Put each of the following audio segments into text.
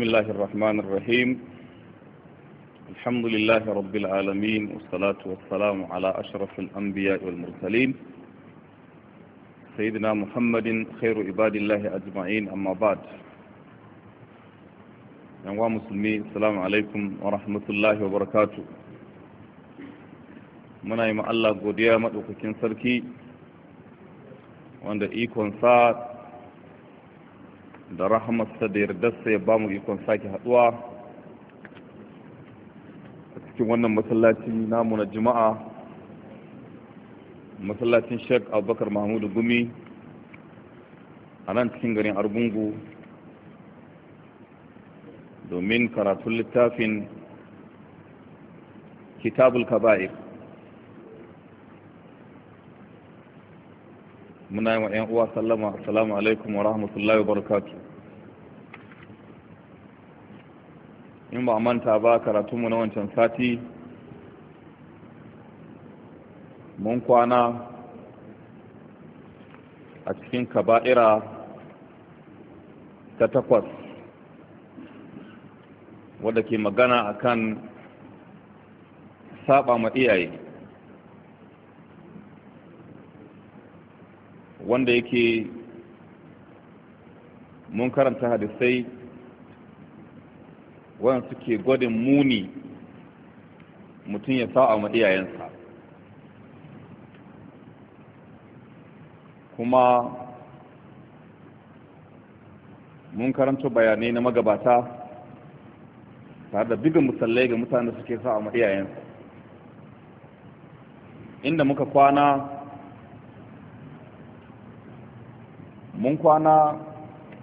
بسم الله الرحمن الرحيم الحمد لله رب العالمين والصلاة والسلام على أشرف الأنبياء والمرسلين سيدنا محمد خير عباد الله أجمعين أما بعد yanwa musulmi salamu alaikum wa rahmatullahi wa barakatu muna yi Allah godiya maɗaukakin sarki wanda ikonsa da rahamarsa da yardarsa ya ba mu ikon sake haduwa a cikin wannan masallacin namu na juma'a masallacin sheik abubakar mahmudu gumi a nan cikin garin argungu domin karatun littafin kitabul kaba'ir muna yi wa 'yan uwa sallama assalamu alaikum wa rahmatullahi wa barakatuh in ba manta ba karatunmu na wancan sati mun kwana a cikin kaba'ira ta takwas wadda ke magana a kan saba ma iyaye wanda yake mun karanta hadisai wanda suke gwadin muni mutum ya sa a iyayensa kuma mun karanta bayanai na magabata tare da bigin musallai ga mutane suke sa a iyayensa inda muka kwana mun kwana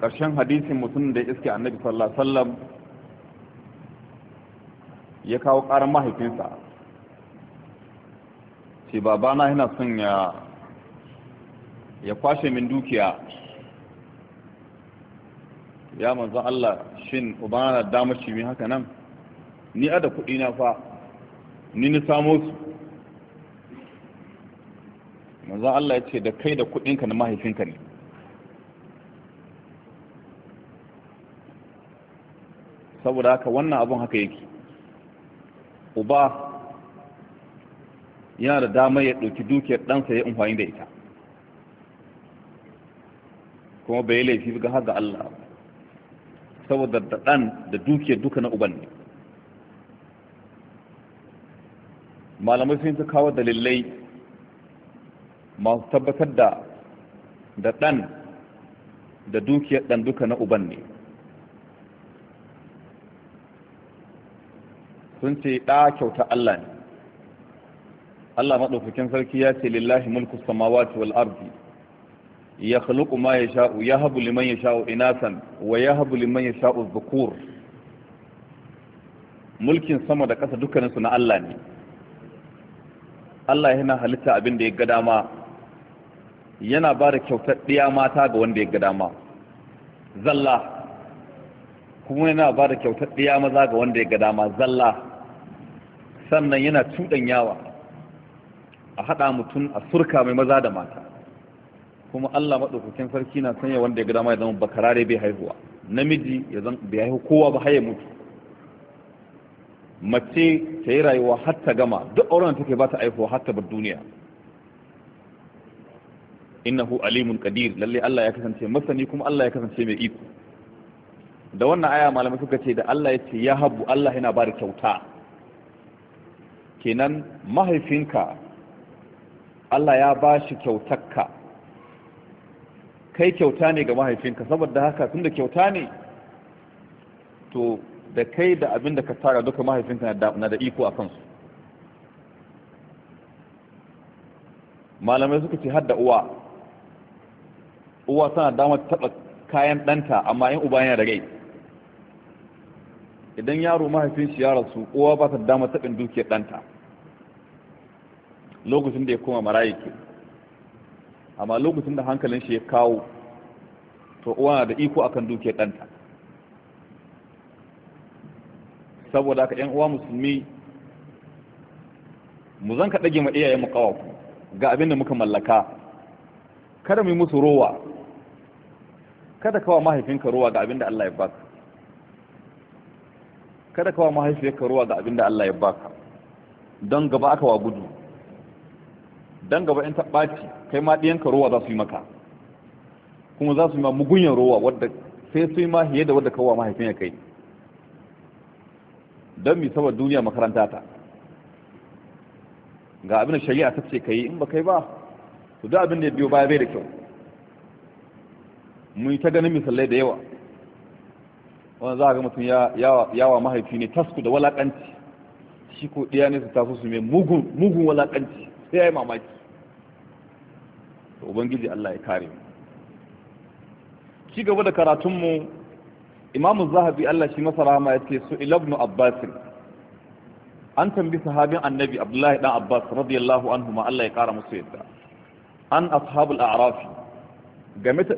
ƙarshen hadisin mutum da iske annabi sallallahu alaihi wasallam ya kawo ƙarar mahaifinsa ce babana yana son ya kwashe min dukiya ya manzan Allah shin ubana da damar shi haka nan ni a da kuɗi na fa ni ni samo su manzan Allah ya ce da kai da kuɗinka na mahaifinka ne saboda haka wannan abun haka yake uba yana da damar ya ɗauki dukiyar ɗansa ya amfani da ita kuma bai laifi ga haga Allah saboda da ɗan da dukiyar duka na uban ne malamai sun ta kawo dalilai masu tabbatar da ɗan da dukiyar ɗan duka na uban ne sun ce ɗa kyauta Allah ne Allah maɗaukakin sarki ya ce lillahi mulku samawati wal ardi ya khluqu ma yasha'u yahabu liman yasha'u inasan wa yahabu liman yasha'u dhukur mulkin sama da ƙasa dukkanin su na Allah ne Allah yana halitta abin da ya ga dama yana ba da kyautar ɗiya mata ga wanda ya ga dama zalla kuma yana ba da kyautar ɗiya maza ga wanda ya ga dama zalla sannan yana yawa a haɗa mutum a surka mai maza da mata kuma Allah maɗaukakin sarki na sanya wanda ya ga dama ya zama bakarare bai haihuwa namiji ya zan bai haihu kowa ba haye mutu mace ta yi rayuwa har ta gama duk auren take ba ta haihuwa har ta bar duniya innahu alimun qadir lalle Allah ya kasance masani kuma Allah ya kasance mai iko da wannan aya malamai suka ce da Allah ya ce ya habu Allah yana ba da kyauta kenan mahaifinka Allah ya ba shi kyautakka kai kyauta ne ga mahaifinka saboda haka tun da kyauta ne to da kai da abin da ka tara duka mahaifinka na da iko a kansu malamai suka ce hadda uwa uwa tana damar taɓa kayan danta amma in uba yana da rai idan yaro mahaifin shi ya rasu uwa ba ta dama taɓin dukiyar ɗanta lokacin da ya koma marayi ke amma lokacin da hankalin shi ya kawo to uwa na da iko akan dukiyar ɗanta saboda ka ɗan uwa musulmi mu zan ka ɗage ma iyayen mu kawaku ga abin da muka mallaka kada mu yi musu rowa kada kawa mahaifinka rowa ga abin da Allah ya baka kada ka wa mahaifiyarka ruwa ga abinda Allah ya baka don gaba aka wa gudu don gaba in taɓaci kai ma ɗiyanka ruwa za su yi maka kuma za su yi ma mugunyar ruwa wadda sai su yi ma da wadda kawo wa ya kai don mi saboda duniya makaranta ta ga abin da shari'a ta ce kai in ba kai ba to duk abin da ya biyo baya bai da kyau mun yi ta ganin misalai da yawa wanda za a ga mutum yawa mahaifi ne tasku da walakanci shi ko ɗiya ne su taso su mai mugun walakanci sai ya yi mamaki ubangiji Allah ya kare mu ci gaba da karatunmu imamu zahabi Allah shi masara ma ya ce su ilabnu abbasin an tambi sahabin annabi abdullahi dan abbas radiyallahu anhu ma Allah ya kara musu yadda an ashabul a'rafi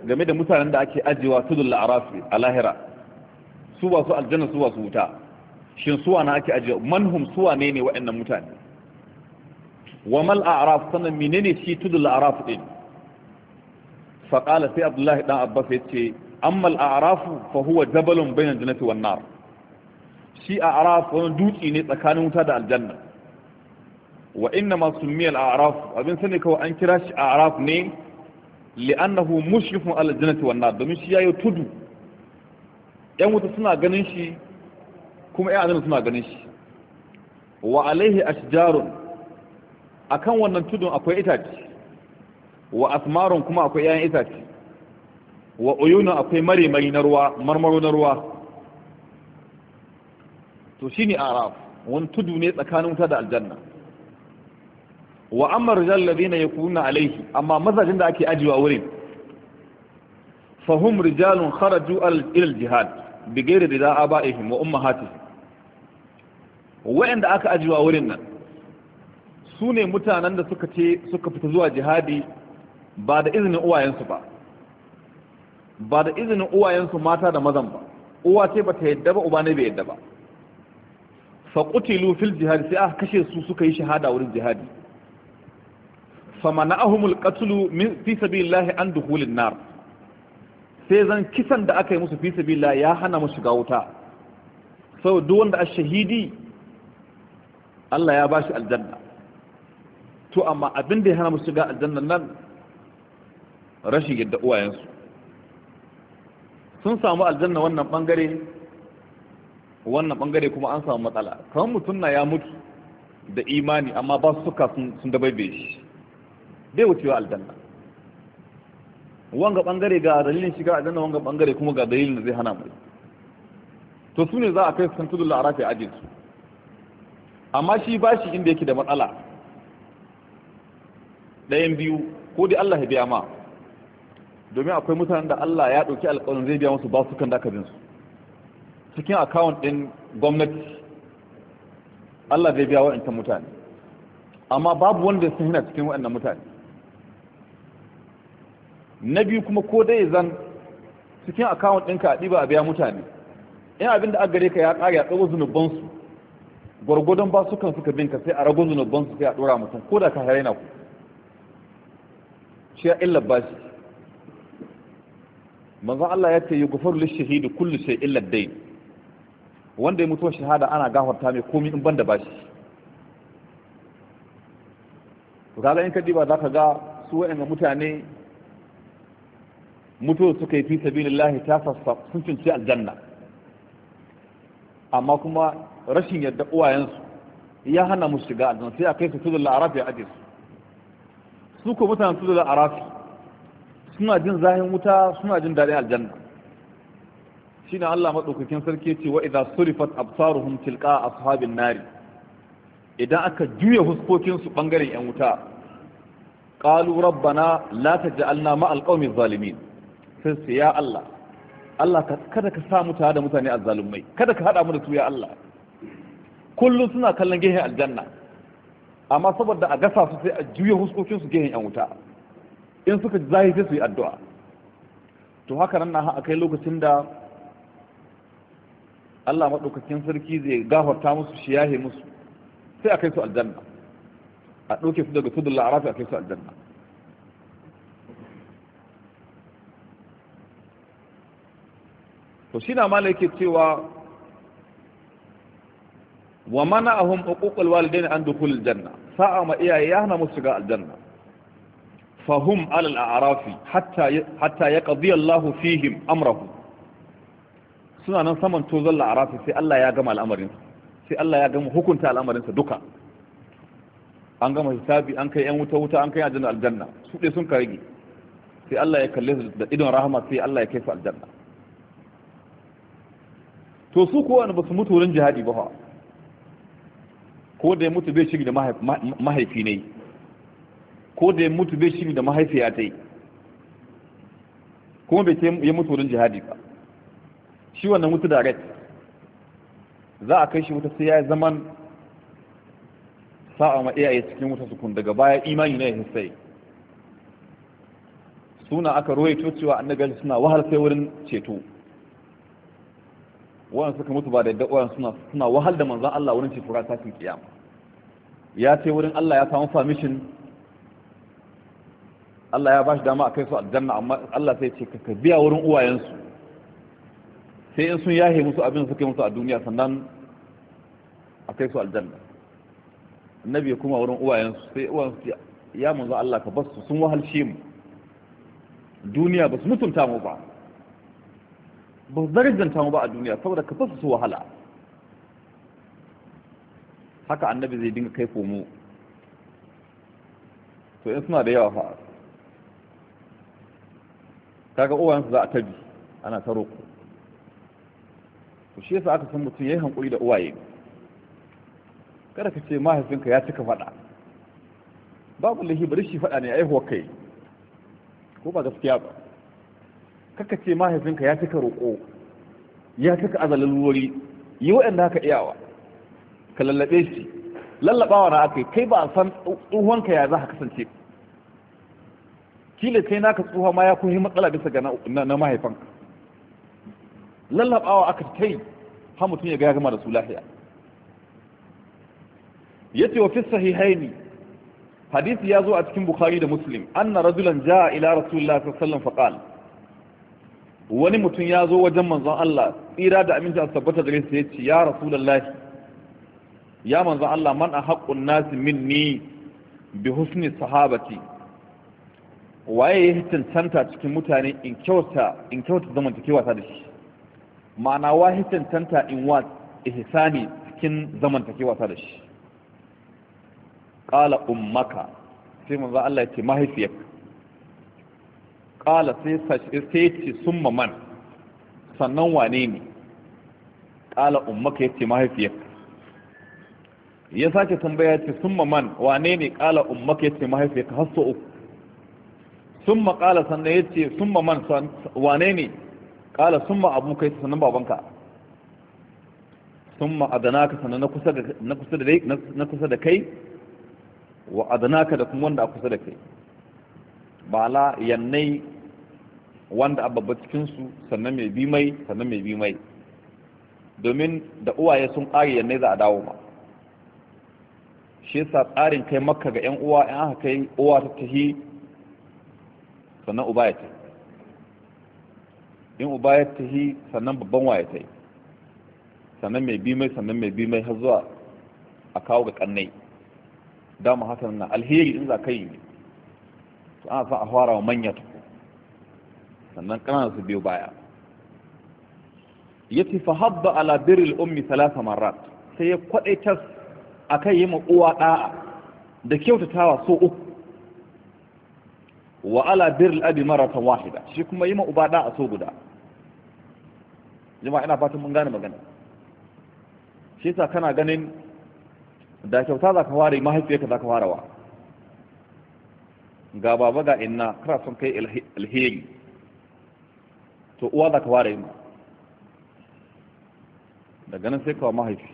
game da mutanen da ake ajiyewa tudul a'rafi a lahira su ba su aljanna su ba su wuta shin suwa na ake ajiye manhum suwa ne ne waɗannan mutane wa mal a'raf sanan menene shi tudul a'raf din fa qala sai abdullahi dan abbas yace amma al-a'raf fa huwa jabalun bayna jannati wan nar shi a'raf wani dutse ne tsakanin wuta da aljanna wa inna ma summiya al-a'raf abin sani kawai an kira shi a'raf ne li'annahu mushrifun ala jannati wan nar domin shi yayi tudu yan wuta suna ganin shi kuma yan aljanna suna ganin shi wa alaihi ashjarun akan wannan tudun akwai itace wa asmarun kuma akwai yayan itace wa uyunun akwai maremari na ruwa marmaro na ruwa to shine araf wani tudu ne tsakanin wuta da aljanna wa amma rijal ladina yakuna alaihi amma mazajin da ake ajiwa wurin fahum rijalun kharaju al-jihad bigere da za a ba ihim wa ummahati wa'anda aka ajiwa wurin nan su ne mutanen da suka ce suka fita zuwa jihadi ba da izinin uwayensu ba ba da izinin uwayensu mata da mazan ba uwa ce ba ta yadda ba uba ne bai yadda ba fa qutilu fil jihadi sai aka kashe su suka yi shahada wurin jihadi fa mana'ahumul qatlu min fi sabilillahi an duhulin nar sai zan kisan da aka yi musu fi sabila ya hana mu shiga wuta sau duk wanda a shahidi Allah ya bashi aljanna to amma abin da ya hana mu shiga aljanna nan rashin yadda uwayensu sun samu aljanna wannan bangare wannan bangare kuma an samu matsala kamar mutum na ya mutu da imani amma ba su suka sun dabaibe shi bai wucewa aljanna wanga bangare ga dalilin shiga a janna wanga bangare kuma ga dalilin da zai hana mu to su ne za a kai su kan tudun la'arafi a su amma shi ba shi inda yake da matsala ɗayan biyu ko dai Allah ya biya ma domin akwai mutanen da Allah ya ɗauki alƙawarin zai biya musu ba su kan dakabin su cikin akawun ɗin gwamnati Allah zai biya wa'ancan mutane amma babu wanda sun hina cikin wa'annan mutane na biyu kuma ko dai zan cikin akawun ɗinka a ɗiba a biya mutane in abin da aka gare ka ya ƙare a tsawon zunubansu gwargwadon ba su kan suka binka sai a rago zunubansu sai a ɗora mutum ko da ka hare na ku shi ya illa ba shi manzon Allah ya ce yi gufar lishahidu kullu sai illa dai wanda ya mutuwa shahada ana gafarta mai komi in banda ba shi, kaga in ka diba zaka ga su wa'annan mutane mutuwa suka yi fi sabilillahi ta sassa sun cinci aljanna amma kuma rashin yadda uwayensu ya hana mu shiga aljanna sai a kai su tudul arafi ya ajiye su su ko mutanen tudul arafi suna jin zahin wuta suna jin daɗin aljanna Shi shine Allah madaukakin sarki ce wa idza surifat absaruhum a sahabin nari idan aka juya huskokin su bangaren yan wuta qalu rabbana la taj'alna ma alqawmi zalimin sai su ya Allah Allah kada ka samu tare da mutane azzalumai kada ka hada mu da su ya Allah kullum suna kallon gehen aljanna amma saboda a gasa su sai a juya huskokin su gehen yan wuta in suka zahi sai su yi addu'a to haka nan na akai lokacin da Allah madaukakin sarki zai gafarta musu shi yahe musu sai akai su aljanna a ɗauke su daga tudun la'arafi a kai su aljanna to shi na mala yake cewa wa mana ahun uququl walidain an dukhul janna sa'a ma iyaye ya hana musu shiga aljanna Fahim alal a'rafi hatta hatta yaqdi Allah fihim amrahu suna nan saman tozon la'arafi sai Allah ya gama al'amarinsa sai Allah ya gama hukunta al'amarinsa duka an gama hisabi an kai yan wuta wuta an kai aljanna aljanna su dai sun karige sai Allah ya kalle su da idon rahama sai Allah ya kai su aljanna to su kuwa ba su mutu wurin jihadi ba ko da ya mutu bai shiri da mahaifi ne ko da ya mutu bai shiri da mahaifiya ta yi kuma bai ya mutu wurin jihadi ba shi wannan mutu direct za a kai shi wuta sai ya yi zaman sa'a ma iyaye cikin wuta kun daga baya imani na ya hissai suna aka roye cewa annabi suna wahal sai wurin ceto wannan suka mutu ba da daɗawa suna suna wahal da manzan Allah wurin ce fura takin kiyama ya ce wurin Allah ya samu permission Allah ya bashi dama a kai su aljanna amma Allah sai ce ka biya wurin uwayensu sai in sun yahe musu abin suke musu a duniya sannan a kai su aljanna annabi kuma wurin uwayensu sai uwayensu ya manzo Allah ka basu sun wahalshe mu duniya basu su mutunta mu ba ba zarganta mu ba a duniya saboda ka fasa su wahala haka annabi zai dinga kai komo to in suna da yawa fa ga uwayensu za a tabi ana ta roƙo to shi yasa aka san mutum yi hankuri da uwaye kada ka ce mahaifinka ya cika faɗa babu lahi bari shi faɗa ne huwa kai ko ba gaskiya ba kaka ce mahaifinka ya cika roƙo ya cika azalin wuri yi waɗanda haka iyawa ka lallaɓe shi lallaɓawa na aka kai ba a san tsohonka ya za ka kasance kila kai naka tsoha ma ya yi matsala bisa ga na mahaifanka lallaɓawa aka kai yi har mutum ya ga ya gama da su lahiya ya ce wa fi sahihaini hadisi ya zo a cikin bukhari da muslim anna rajulan ja'a ila rasulullah sallallahu alaihi wasallam faqala wani mutum ya zo wajen manzon Allah tsira da aminci a tabbata gare su ya ce ya rasulullahi ya manzon Allah man a haƙƙun nasi minni bi husni sahabati waye ya cancanta cikin mutane in kyauta in kyauta zamantakewa ta da shi ma'ana wa ya cancanta in wa ihsani cikin zamantakewa ta da shi qala ummaka sai manzon Allah ya ce mahaifiyarka kala sai ce sun maman sannan wane ne kala ummaka ya ce mahaifiyarka ya sake tambaya ce sun maman wane ne kala ummaka ya ce mahaifiyarka har so uku sun kala sannan ya ce sun maman wane ne kala sun ma abu kai sannan babanka sun ma ka sannan na kusa da kai wa adanaka da kuma wanda a kusa da kai ba la yannai wanda a babba cikinsu sannan mai bi mai sannan mai bi mai domin da uwaye sun ƙari yanne za a dawo ba shi yasa tsarin kai makka ga 'yan uwa in aka kai uwa ta tahi sannan uba ya yi in uba ya tahi sannan babban waya yi sannan mai bi mai sannan mai bi mai har zuwa a kawo ga kannai dama hakan na alheri in za ka yi ne to an san a fara wa manya ta sannan ƙananan su biyu baya ya ce fa habba ala birril ummi talata marat sai ya a akan yi ma uwa ɗa'a da kyautatawa so uku wa ala birril abi maratan wahida shi kuma yi ma uba ɗa'a so guda jama'a ina fatan mun gane magana shi sa kana ganin da kyauta za ka ware mahaifiyarka za ka warewa ga baba ga inna kana son kai alheri to uwa za ka fara yi ma daga nan sai kawo mahaifi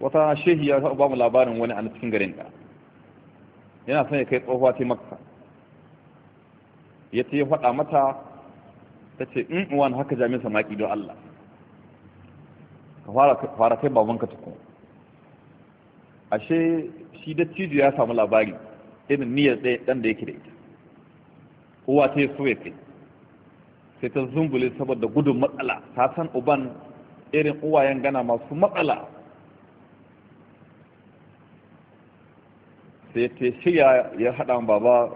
wata shehi ya ba mu labarin wani a cikin garin ka yana son ya kai tsohuwa ta maka ya ce ya faɗa mata ta ce in mm, na haka jami'in samaki don Allah ka fara kai ka tukun ashe shi da cijo ya samu labari irin niyyar ɗan da yake da ita uwa ta so ya kai sai ta zungule saboda gudun matsala ta san uban irin uwayen gana masu matsala sai ta shirya ya haɗa baba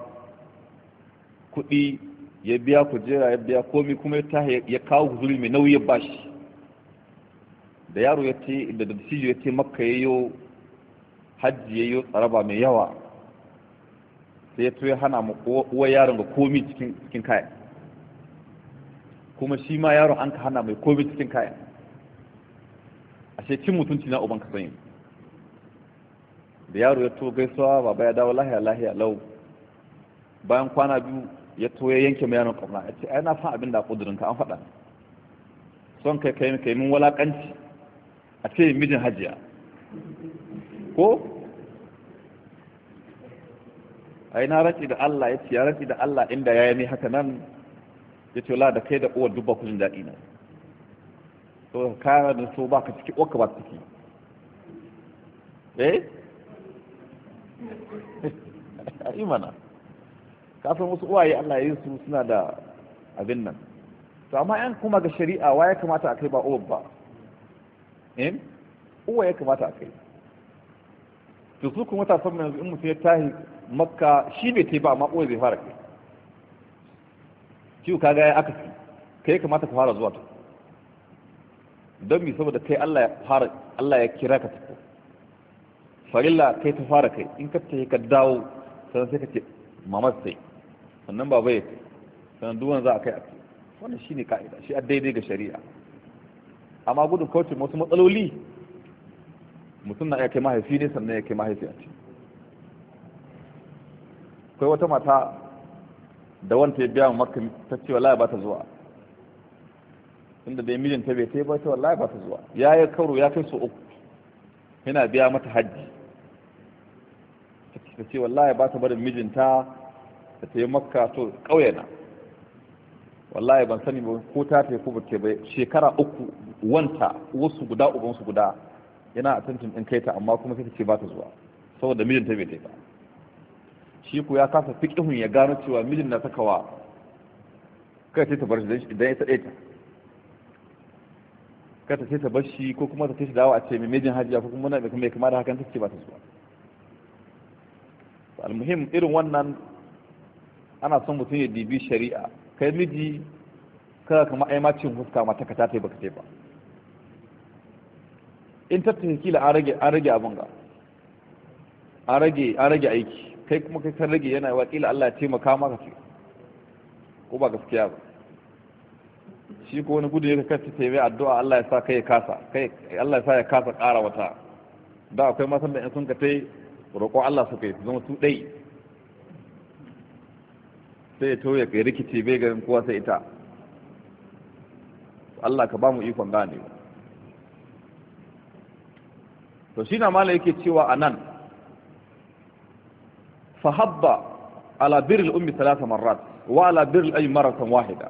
kuɗi ya biya kujera ya biya komi kuma ya kawo guzuri mai nauyi bashi da yaro ya ce da da ya ce maka ya yi hajji ya yi tsaraba mai yawa sai ya hana mu uwa yaron ga komi cikin kayan kuma shi ma yaron an ka hana mai komai cikin kayan ashe cin mutunci na uban ka sanyi da yaro ya to gaisuwa baba ya dawo lahiya lahiya lau bayan kwana biyu ya to ya yanke mai yaron kauna ya ce ai na fa abin da kudurinka an faɗa son kai kai kai min walakanci a ce mijin hajiya ko ai na raki da Allah ya ce ya raki da Allah inda ya yi haka nan ya ce wala da kai da uwar dubba kujin daɗi na to kara da so ba ka ciki uwar ka ba ciki eh yi mana kafin wasu uwaye Allah yi su suna da abin nan to amma yan kuma ga shari'a wa ya kamata a kai ba uwar ba in eh? uwa ya kamata a kai to su kuma ta san yanzu in mutum ya tahi makka shi ne ta ba amma uwa zai fara kai ciwo kaga ya aka kai kamata ka fara zuwa ta don mi saboda kai Allah ya fara Allah ya kira ka tafi farilla kai ta fara kai in ka tafi ka dawo sannan sai ka ce mamar sai sannan baba ya kai sannan duwan za a kai a kai wannan shine ka'ida shi a daidai ga shari'a amma gudun kauce wasu matsaloli mutum na iya kai mahaifi ne sannan ya kai mahaifi a ce akwai wata mata da wanta ya biya maka ta ce wallahi ba ta zuwa inda da mijin ta bai ta ba ta wallahi ba ta zuwa ya yi kauro ya kai su uku yana biya mata hajji ta ce wallahi ba ta barin mijinta ta ta yi maka to ƙauyena wallahi ban sani ba ko ta ta ko bace ba shekara uku wanta wasu guda su guda yana a tantin ɗin kai ta amma kuma sai ta ce ba ta zuwa saboda mijinta bai ta ba shi ku ya kasa fiƙihun ya gano cewa mijin na sakawa kai sai ta bar shi idan ya sade ta kai ta sai ta bar shi ko kuma ta shi dawo a ce mai mijin hajiya ko kuma mai kuma kama da hakan ta ce ba ta so almuhim irin wannan ana son mutum ya dibi shari'a kai miji kada kama ai ma cin huska mata ka ta baka ba in tattaki kila an rage abin ga an rage aiki kai kuma kai san rage yana wakila Allah ya taimaka maka ce ko ba gaskiya ba shi ko wani gudu ya kai ta tebe addu'a Allah ya sa kai ya kasa kai Allah ya sa ya kasa ƙara wata da akwai matan da in sun ka tai roƙo Allah su kai zama su dai sai ya toye kai rikici bai garin kowa sai ita Allah ka ba mu ikon gane to shi na mala yake cewa anan fahabba ala biril ummi thalatha marrat wa ala biril ayyi marratan wahida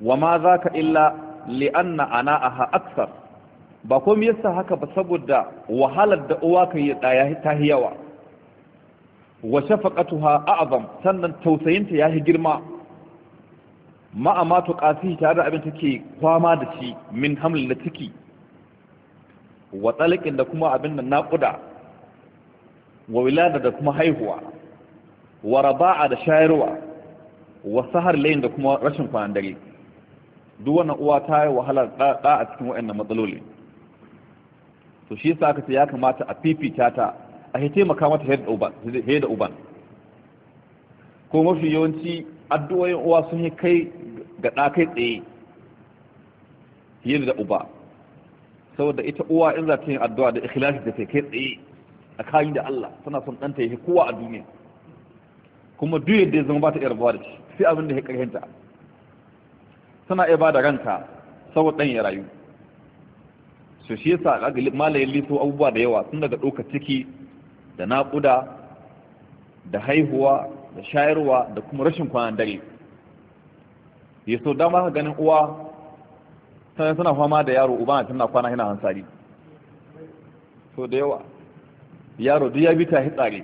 wa ma ka illa li'anna li anna ana'aha akthar ba komai yasa haka ba saboda wahalar da uwa kan yi daya ta hiyawa wa shafaqatuha a'zam sannan tausayinta yi girma ma'ama to qasi tare da abin take kwama da shi min hamlin da ciki wa tsalikin da kuma abin da naƙuda wa wilada da kuma haihuwa wa raba'a da shayarwa wa sahar layin da kuma rashin kwanan dare duk wannan uwa ta yi wahala da a cikin wayannan matsaloli to shi yasa aka ce ya kamata a fifita ta a hite maka mata he da uban ko mafi yawanci addu'o'in uwa sun kai ga da kai tsaye fiye da uba saboda ita uwa in za ta yi addu'a da ikhlasi da kai tsaye tsakani da Allah tana son ɗanta ya kowa a duniya kuma duk yadda ya zama ba ta iya rabuwa da shi sai abin da ya ƙarfinta tana iya bada ranka ranta saboda ɗan ya rayu so shi yasa kaga malayin liso abubuwa da yawa tun daga ɗaukar ciki da naƙuda da haihuwa da shayarwa da kuma rashin kwanan dare ya so dama ka ganin uwa tana suna fama da yaro uba na tana kwana yana hansari so da yawa yaro duk ya bi ta hitsare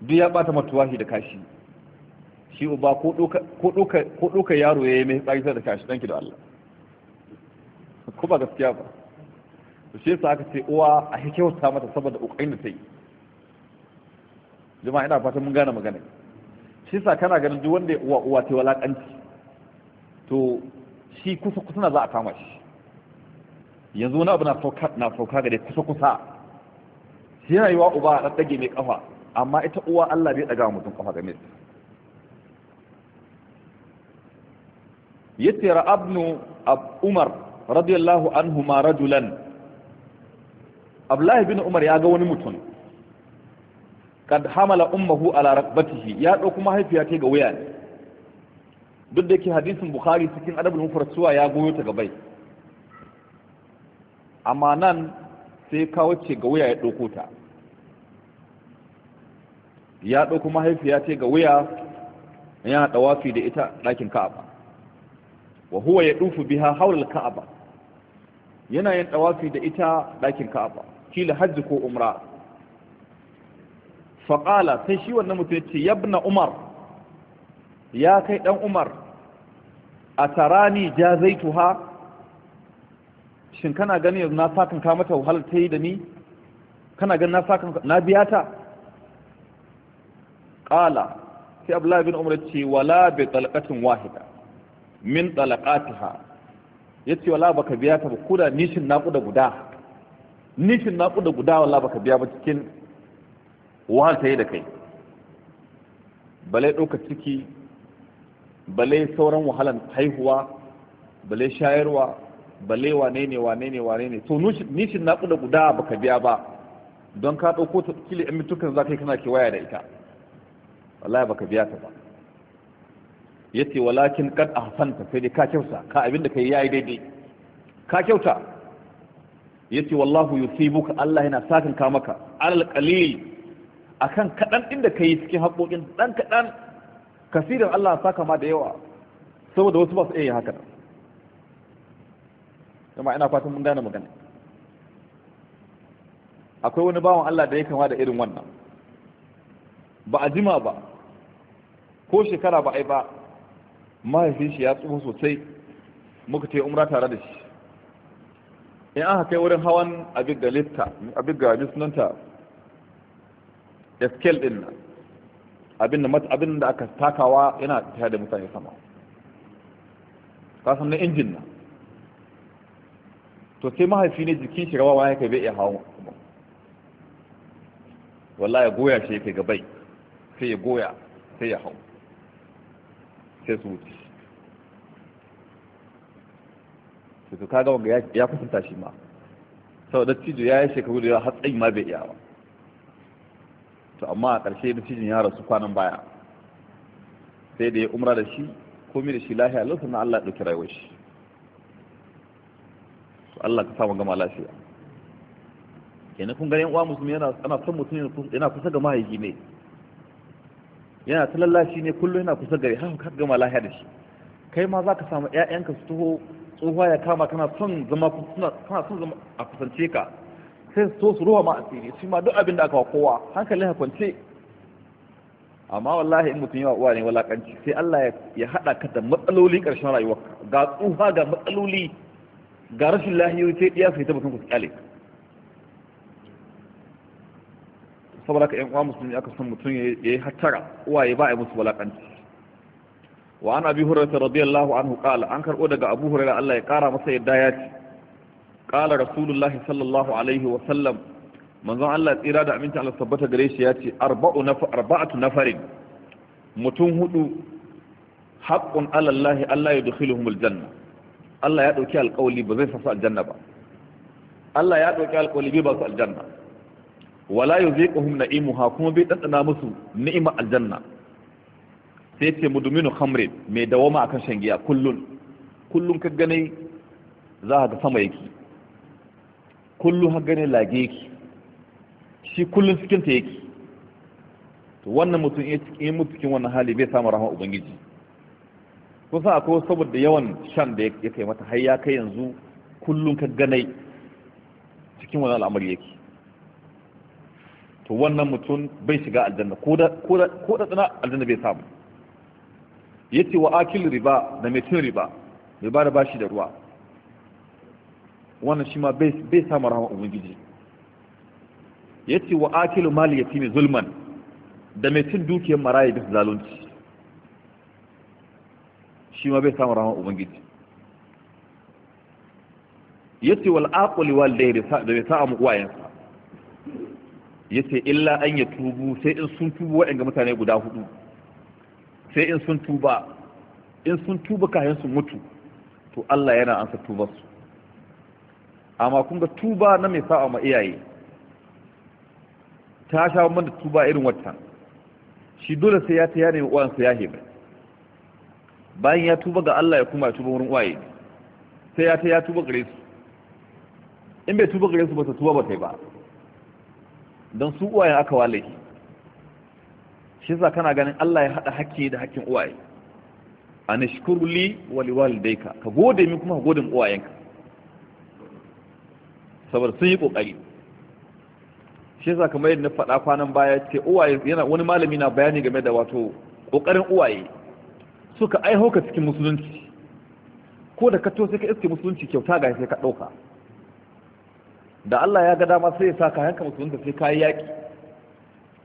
duk ya bata matuwahi da kashi shi uba ko ɗauka yaro ya yi mai tsari da kashi ɗanki da Allah ko ba gaskiya ba to shi sa aka ce uwa a kyauta mata saboda ƙoƙarin da ta yi jama'a ina fatan mun gane magana shi sa kana ganin duk wanda uwa uwa ta walakanci to shi kusa kusa na za a kama shi yanzu wani abu na sauka na sauka kusa kusa yana yi wa uba a ɗaɗɗage mai ƙafa amma ita uwa Allah bai ɗaga mutum ƙafa game da yace ra'abnu umar radiyallahu anhu ma rajulan abdullahi bin umar ya ga wani mutum kad hamala ummuhu ala rakbatihi ya ɗauko mahaifiya ta ga wuya ne duk da ke hadisin bukhari cikin adabul mufrad ya goyo ta gabai amma nan sai kawo ce ga wuya ya ɗauko ta ya ɗauko mahaifiya ce ga wuya yana ɗawafi da ita ɗakin ka'aba wa huwa ya ɗufu biha haular ka'aba yana yin ɗawafi da ita ɗakin ka'aba kila hajji ko umra faƙala sai shi wannan mutum ce yabna umar ya kai ɗan umar a tarani ja tuha shin kana gani yanzu na sakan ka mata wahalar ta yi da ni kana gani na sakan na biya ta qala sai abdullahi bin umar ce wala bi talaqatin wahida min talaqatiha yace wala baka biya ta ba kuda nishin naƙuda guda nishin naƙuda guda wala baka biya ba cikin wahal ta yi da kai balai ɗauka ciki balai sauran wahalan haihuwa balai shayarwa balai wane ne wane ne wane ne to nishin naƙuda guda baka biya ba don ka ɗauko ta kila yan mitukan za ka yi kana kewaya da ita wallahi baka biya ta ba yace walakin kad ahsanta sai dai ka kyauta ka abinda kai yayi daidai ka kyauta yace wallahu yusibuka Allah yana sakin ka maka alal qalil akan kadan din da kai cikin haƙoƙin dan kadan kasirin Allah saka ma da yawa saboda wasu ba su iya haka kuma ina fatan mun gane magana akwai wani bawan Allah da ya kama da irin wannan ba a jima ba ko shekara ba a yi ba mahaifin shi ya tsoho sosai muka ce umra tare da shi in aka kai wurin hawan abin da lifta abin ga sunanta eskel din na, abin da abin da aka takawa yana tafiya da mutane sama kasan na injin na. to sai mahaifi ne jikin shi gaba wani kai bai iya hawan wallahi ya goya shi kai gabai sai ya goya sai ya hau sai su wuce su to kaga wanga ya kusanta shi ma saboda cijo ya yi shekaru da yawa har tsayi ma bai iya ba to amma a ƙarshe da cijin ya rasu kwanan baya sai da ya umra da shi komi da shi lahiya lokacin na Allah ya ɗauki rayuwar shi to Allah ka samu gama lafiya kenan kun ganin wa uwa musulmi yana son mutum yana kusa ga mahaifi ne yana ta lallashi ne kullum yana kusa gari haka ka gama lahiya da shi kai ma za ka samu ƴaƴanka su taho tsohuwa ya kama kana son zama kana son zama a kusance ka sai su su ruwa ma asiri su ma duk abin da aka wa kowa hankali ka kwance amma wallahi in mutum yawa uwa ne walakanci sai Allah ya haɗa ka da matsaloli ƙarshen rayuwa ga tsufa ga matsaloli ga rashin lahiyoyi sai ɗiya su yi ta mutum ku ka saboda ka yan uwa musulmi aka san mutum ya yi hattara uwaye ba a musu walakanci wa an abi hurairah radiyallahu anhu qala an karbo daga abu hurairah Allah ya kara masa yadda ya ce qala rasulullah sallallahu alaihi wa sallam manzon Allah tsira da aminta Allah tabbata gare shi ya ce arba'u nafar arba'atu nafarin mutum hudu haqqun ala Allah Allah yadkhiluhumul janna Allah ya dauki alƙawli ba zai fasa aljanna ba Allah ya dauki alƙawli bai ba su aljanna wala yuziquhum na'imuha kuma bai ɗanɗana musu ni'ima aljanna sai ce mudminu khamrin mai dawama akan shan giya kullun kullun ka gane za ka sama yake kullun ka gane lage yake shi kullun cikin ta yake to wannan mutum in mutu cikin wannan hali bai samu rahama ubangiji kun sa akwai saboda yawan shan da ya kai mata har ya kai yanzu kullun ka gane cikin wannan al'amari yake to wannan mutum bai shiga aljanna ko da tsana aljanna bai samu ya ce wa akil riba da mai cin riba mai ba da bashi da ruwa wannan shi ma bai samu rahama ubangiji ya ce wa akil mali ya mai zulman da mai cin dukiyar maraya bisa zalunci shi ma bai samu rahama ubangiji ya ce wa aquli wal da bai sa'a wayansa yace illa an ya tubu sai in sun tubu waɗanda mutane guda hudu sai in sun tuba in sun tuba kayan su mutu to Allah yana ansa tubar su amma kun ga tuba na mai sa'a ma iyaye ta sha man da tuba irin wata shi dole sai ya ta yane uwansa ya hebe bayan ya tuba ga Allah ya kuma ya tuba wurin uwaye sai ya ta ya tuba gare su in bai tuba gare su ba ta tuba ba ta yi ba don su uwayen aka wale shi za kana ganin Allah ya haɗa hakki da hakkin uwaye a nishkurli waliwalidaika ka gode min kuma ka gode min uwayenka saboda sun yi ƙoƙari shi za kamar yadda na faɗa kwanan baya ce uwaye yana wani malami na bayani game da wato ƙoƙarin uwaye suka aiho ka cikin musulunci ko da ka to sai ka iske musulunci kyauta ga sai ka ɗauka da Allah ya ga dama sai ya sa kayan ka musulunta sai kayi yaƙi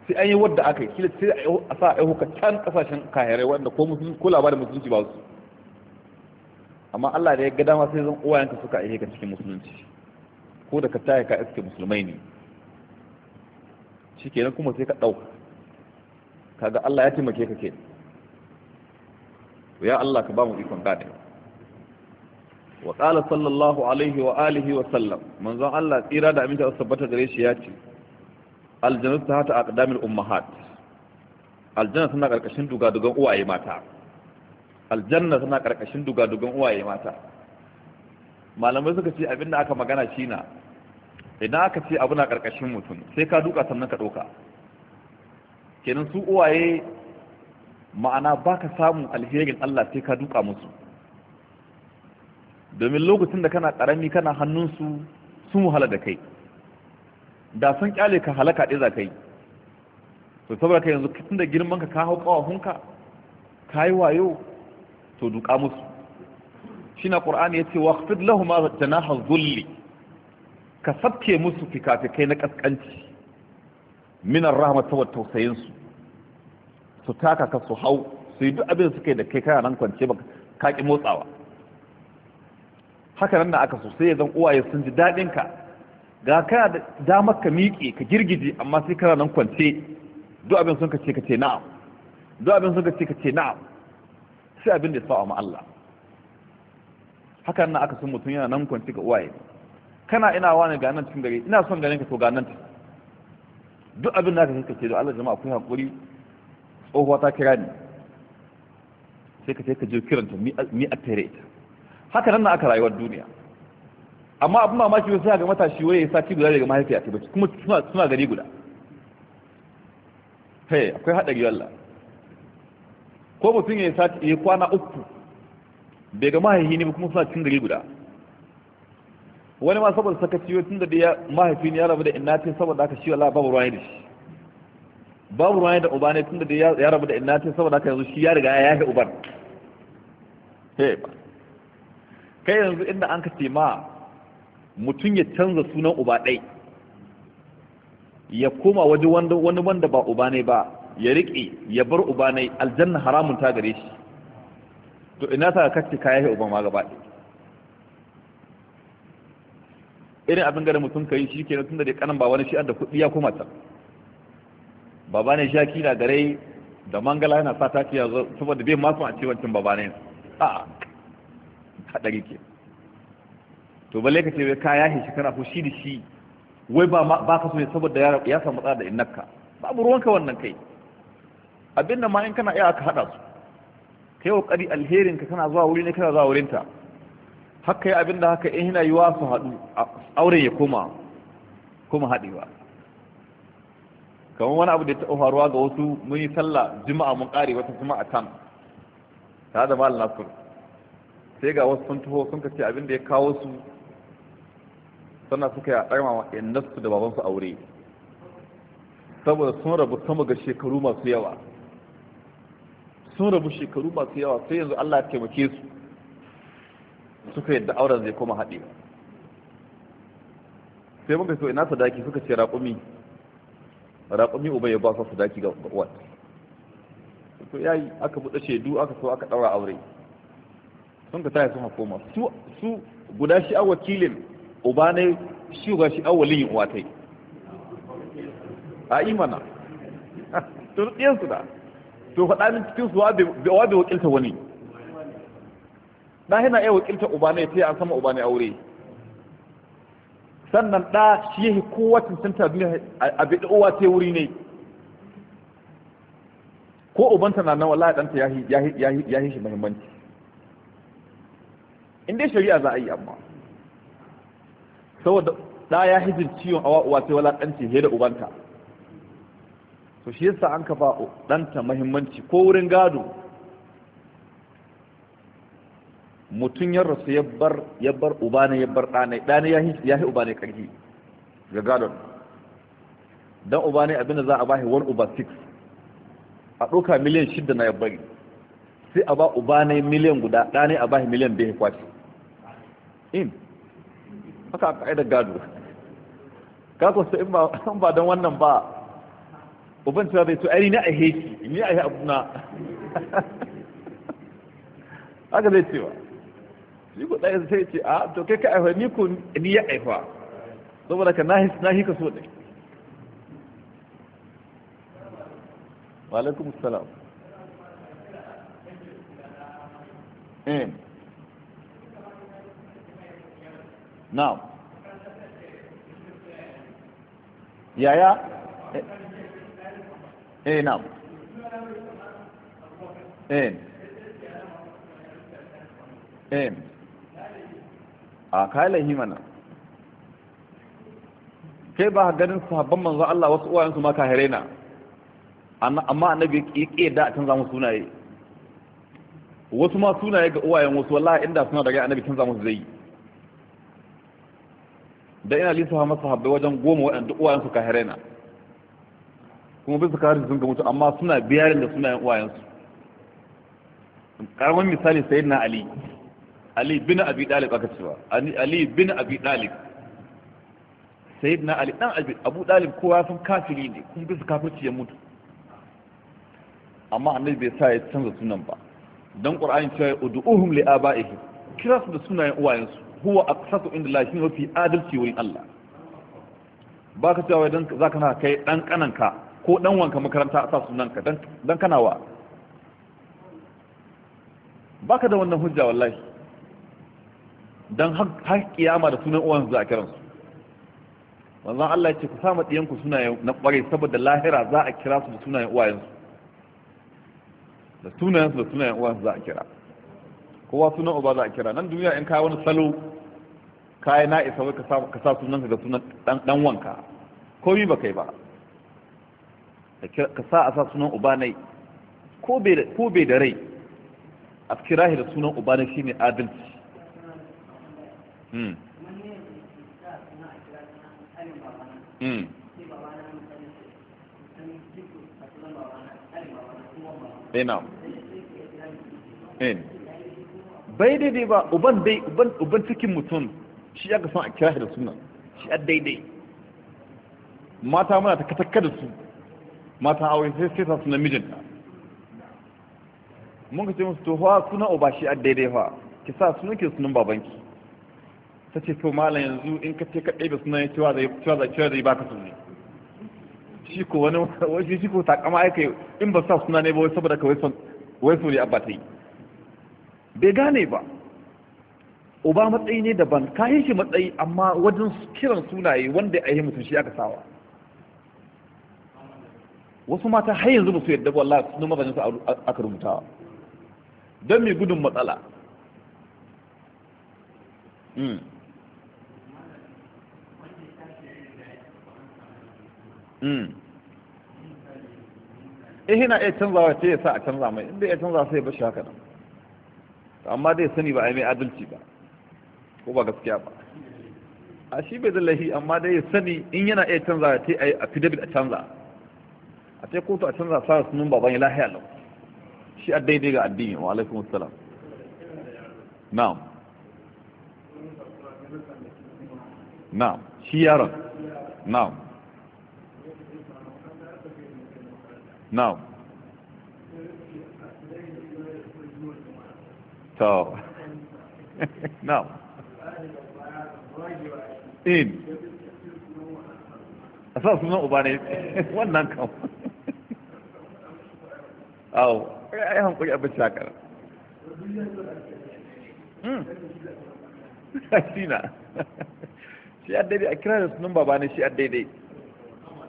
sai an yi wadda aka yi sai a sa a huka can kasashen kahirai wanda ko musulun ko labarin musulunci ba su amma Allah da ya ga dama sai zan yanka suka aihe ka cikin musulunci ko da ka taya ka iske musulmai ne shi kenan kuma sai ka ɗauka kaga Allah ya taimake ka ke ya Allah ka ba mu ikon gane wa qala sallallahu alaihi wa alihi wa sallam manzon Allah tsira da aminta su tabbata gare shi ya ce aljannatu ta hata a aqdamil ummahat aljanna tana karkashin dugadugan uwaye mata aljanna tana karkashin dugadugan uwaye mata malamai suka ce abinda aka magana shi na idan aka ce abu na ƙarƙashin mutum sai ka duka sannan ka ɗauka kenan su uwaye ma'ana ba ka samun alherin Allah sai ka duka musu domin lokacin da kana karami kana hannunsu sun wahala da kai da sun kyale ka halaka ɗaya za ka yi to saboda ka yanzu tun da girman ka ka hau ƙawahunka ka yi wayo to duka musu shi na ƙur'ani ya ce wa fi lahu ma janaha zulli ka sabke musu fikafikai na ƙasƙanci minan rahama saboda tausayinsu su taka ka su hau su yi duk abin suka yi da kai kana nan kwance ba ka ƙi motsawa haka nan na aka so sai ya zan uwaye sun ji daɗin ka ga kana da damar ka miƙe ka girgije amma sai kana nan kwance duk abin sun ka ce ka ce na'am duk abin sun ka ce ka ce na'am sai abin da ya sa'a Allah haka nan aka so mutum yana nan kwance ga uwaye kana ina wani ga nan cikin gare ina son ganin ka to ga nan duk abin da ka ce da Allah jama'a ku hakuri tsohuwa ta kira ni sai ka ce ka je kiranta mi a tare ita haka nan na aka rayuwar duniya amma abin mamaki wasu ga matashi waye sati guda daga mahaifiya ta bace kuma suna gari guda hey akwai haɗari wallah ko mutum ya sati ya kwana uku bai ga mahaifi ne kuma suna cikin gari guda wani ma saboda sakaci wai tun da ya mahaifi ne ya rabu da inna ce saboda aka shi wallah babu ruwa da shi babu ruwa da uba ne tun da ya rabu da inna ce saboda aka yanzu shi ya riga ya yafe uban hey kai yanzu inda an ka ce ma mutum ya canza sunan uba ɗai ya koma waje wani wanda ba uba ne ba ya riƙe ya bar uba ne aljanna haramun ta gare shi to ina sa ka ce kayan uba ma gaba ɗai irin abin gada mutum ka yi shi ke tun da dai kanan ba wani shi'ar da kuɗi ya koma ta baba ne shaki na gare da mangala yana sa ta ce saboda bai masu a ce wancan baba ne a'a hadari ke to balle ka ce wai ka yahe shi kana fushi da shi wai ba ba ka so ne saboda ya samu tsada da innaka babu ruwanka wannan kai abin da ma in kana iya ka hada su kai kokari alherin ka kana zuwa wuri ne kana zuwa wurin ta haka yi abin da haka in yana yiwa su hadu aure ya koma kuma hadewa kamar wani abu da ya taɓa faruwa ga wasu mun yi sallah juma'a mun ƙare wata juma'a can ta da malam nasir sai ga wasu sun taho sun kace abin da ya kawo su sannan suka yi a ɗarma innarsu da babansu aure saboda sun rabu sama ga shekaru masu yawa sun rabu shekaru masu yawa sai yanzu Allah ya taimake su suka yadda auren zai koma haɗe sai muka so ina sadaki suka ce raƙumi raƙumi uba ya ba su sadaki ga uwat ko yayi aka buɗe shaidu aka so aka ɗaura aure sun ka taya sun koma su guda shi a wakilin uba ne shi ga shi awalin waliyin uwa yi a imana tun ɗiyan su da to faɗa min cikin su wa bai wakilta wani da yana iya wakilta uba ne yi an sama uba ne aure sannan ɗa shi yake kowa cancanta duniya a bi uwa sai wuri ne ko ubanta na nan wala ɗanta ya yi shi muhimmanci in dai shari'a za a yi amma saboda da ya hijin ciwon awa uwa sai walakanci he da ubanta to shi yasa an kafa ba danta muhimmanci ko wurin gado mutum ya rasu ya bar ya bar uba ne ya bar ɗane ɗane ya hi uba ne ƙarfi ga gado dan uba ne abinda za a bashi wani uba 6 a ɗauka miliyan shida na ya bari sai a ba uba ne miliyan guda ɗane a bashi miliyan bai kwaci in haka a ƙa'idar gado kako su in ba ba don wannan ba uban cewa zai to ai ni a heki ni a abu na haka zai cewa shi ko ɗaya sai ce a ah, to kai ka aihuwa ni ko ni ya aihuwa saboda ka na ka so ɗai wa alaikum salam na'am yaya eh, eh na'am eh eh a kai lahima nan kai ba ganin sabon manzo Allah wasu uwayensu ma kahire na amma annabi ya da a canza musu sunaye wasu ma sunaye ga uwayen wasu wallahi inda suna daga annabi canza musu zai da ina lissafa masa habbai wajen goma waɗanda uwayensu kahirai na kuma bisa kahirai sun ga mutu amma suna biyarin da suna yin uwayensu karamin misali sai na ali ali bin abi dalib aka cewa ali bin abi dalib sai na ali dan abu dalib kowa sun kafiri ne kuma bisa kafirci ya mutu amma annabi bai sa ya canza sunan ba don qur'ani cewa ud'uhum li aba'ihim kira su da sunayen uwayensu huwa aqsatu inda Allah shine mafi adalci wurin Allah ba ka cewa za ka na kai dan kananka ko dan wanka makaranta a sa sunanka ka dan kana wa ka da wannan hujja wallahi dan har kiyama da sunan uwan za a su. wannan Allah ya ce ku sama ɗiyanku sunaye na ƙware saboda lahira za a kira su da sunayen uwayensu da sunayensu da sunayen uwayensu za a kira kowa sunan uba za a kira nan duniya in kawo wani salo kayan na isa wai ka sa sunanka ga sunan dan wanka komi ba kai ba ka sa a sa sunan ubanai ko bai da rai a kirahi da sunan ubanai shine adalci ina hmm. hmm. eh, eh. bai daidai ba uban dai uban cikin mutum shi ya san a kira shi da suna shi a daidai mata muna ta katakka da su mata aure sai sai sa suna ta mun ka ce musu to fa suna ba shi a daidai fa ki sa sunan ki sunan babanki ta ce to malam yanzu in ka ce ka ɗebe sunan ya cewa zai cewa zai cewa zai baka sunan shi ko wani wani shi ko takama aika in ba sa suna ne ba wai saboda ka wai son wai so ne abba ta yi bai gane ba uba matsayi ne daban ka yi shi matsayi amma wajen kiran sunaye wanda a yi mutum shi aka sawa wasu mata har yanzu ba su yadda wallah sunan mazajen su aka rubutawa don mai gudun matsala hmm. Hmm. eh yana iya canzawa ce ya sa a canza mai inda ya canza sai ya bashi haka nan amma dai sani ba a yi mai adalci ba ko ba gaskiya ba a shi bai da lahi amma dai ya sani in yana iya canza ya ta yi affidavit a canza a ta kotu a canza sa sunan baban ya lahiya lau shi a daidai ga addini wa alaikun assalam na'am na'am shi yaron na'am na'am to na'am in a sa sunan uba ne wannan kan awo ai hankuri abin shakar shina shi a daidai a kira da sunan baba ne shi a daidai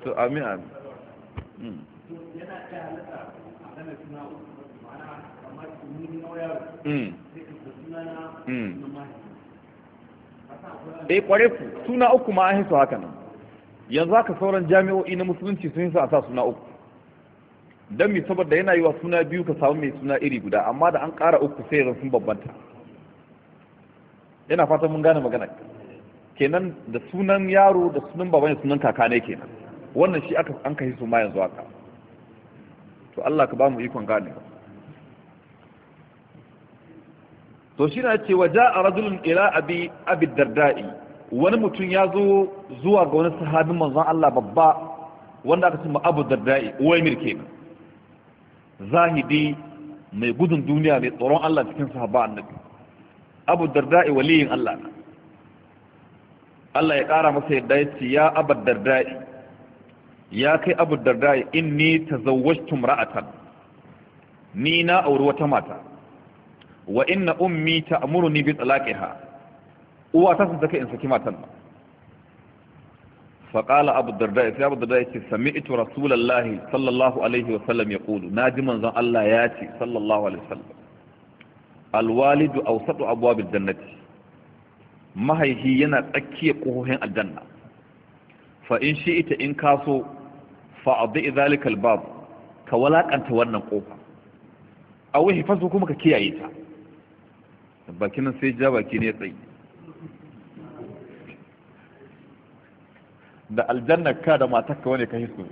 to amin amin Mm. eh kware ku suna uku ma an hisu haka nan yanzu haka sauran jami'o'i na musulunci sun hisu a sa suna uku don mi saboda yana yi wa suna biyu ka samu mai suna iri guda amma da an ƙara uku sai yanzu sun babbanta yana fatan mun gane magana kenan da sunan yaro da sunan baban da sunan kaka ne kenan wannan shi aka an kai su ma yanzu haka to Allah ka ba mu ikon gane. to shi na ce wa a rajulun ila abi abi darda'i wani mutum ya zo zuwa ga wani sahabin manzon Allah babba wanda aka cimma abu darda'i wai mirke zahidi mai gudun duniya mai tsoron Allah cikin sahaba annabi abu darda'i waliyin Allah Allah ya ƙara masa yadda ya ce ya abu darda'i ya kai abu darda'i inni tazawwajtum ra'atan ni na auri wata mata wa inna ummi ta'muruni bi talaqiha uwa ta sun take in saki matan fa qala abu darda ya abu darda yace sami'tu rasulullahi sallallahu alaihi wa sallam yaqulu naji manzon Allah ya ce sallallahu alaihi wa sallam alwalidu awsatu abwabil jannati mahaihi yana tsakiyar kohohin aljanna fa in shi'ita in kaso fa adhi dhalika albab ka walakanta wannan kofa aw hifazu kuma ka kiyaye ta bakin sai ja baki ne tsayi da aljannar ka da matakka wani ka hisu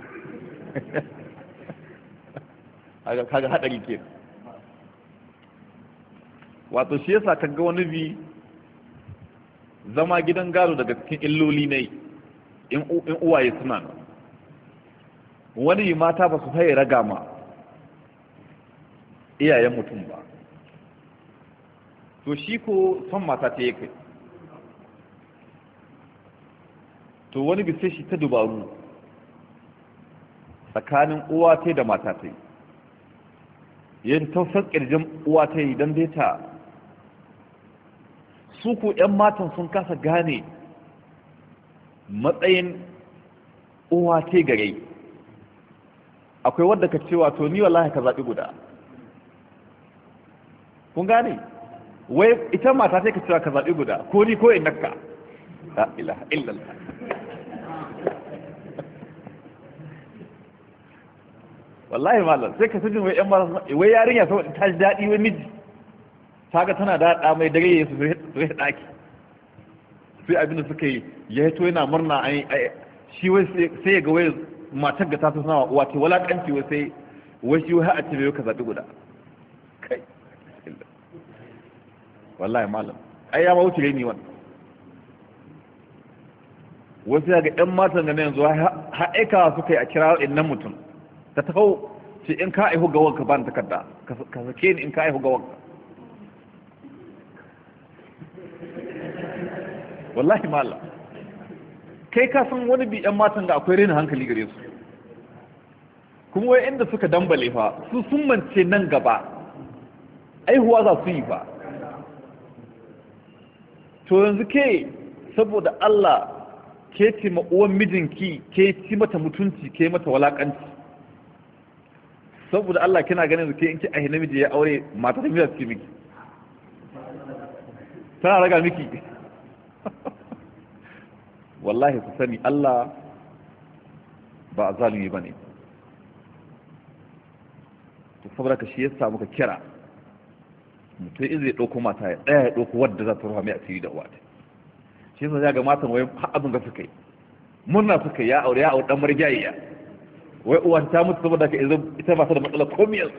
kaga haɗari ke wato shi yasa ga wani bi zama gidan gado daga cikin illoli ne in uwaye suna nan wani mata ba su haye ragama iyayen mutum ba to shi ko son mata ta yake to wani sai shi ta dubaru tsakanin uwa ta da mata ta yin tausar kirjin uwa ta yi don dai ta su ku 'yan matan sun kasa gane matsayin uwa ta gare akwai wadda ka cewa to ni wallahi ka zaɓi guda kun gane wai ita mata sai ka cewa ka zaɓi guda ko ni ko in nakka la ilaha illallah wallahi malam sai ka sujin wai yan mata wai yarinya saboda ta ji daɗi wai miji ta ga tana daɗa mai dare ya su zai ɗaki sai abin da suka yi ya to yana murna shi wai sai ga wai matar ga ta suna wa uwa ce wala kanci wai sai wai shi wai a ce bai ka zaɓi guda wallahi malam ai ya ba wuce ni wannan wasu ga ɗan matan da na yanzu ha'aika suka yi a kira nan mutum ta taho ce in ka aihu ga wanka ban takarda ka sake ni in ka aihu ga wanka wallahi malam kai ka san wani bi ɗan matan da akwai rena hankali gare su kuma wai inda suka dambale fa su sun mance nan gaba aihuwa za su yi fa to yanzu ke saboda Allah ke ci ma uwan mijinki ke ci mata mutunci ke mata walakanci saboda Allah kina ganin ke in ki ahi namiji ya aure mata da miji ce miki tana raga miki wallahi ku sani Allah ba zalimi ba ne. saboda ka shi yasa muka kira mutum izai zai ɗauko mata ya ɗaya ya ɗauko wadda za ta rufa mai asiri da uwa ta shi yasa ga matan wai har abin ga suka yi murna suka yi ya aure ya aure ɗan marigayiya wai uwa ta mutu saboda ka idan ita ba ta da matsalar komiyar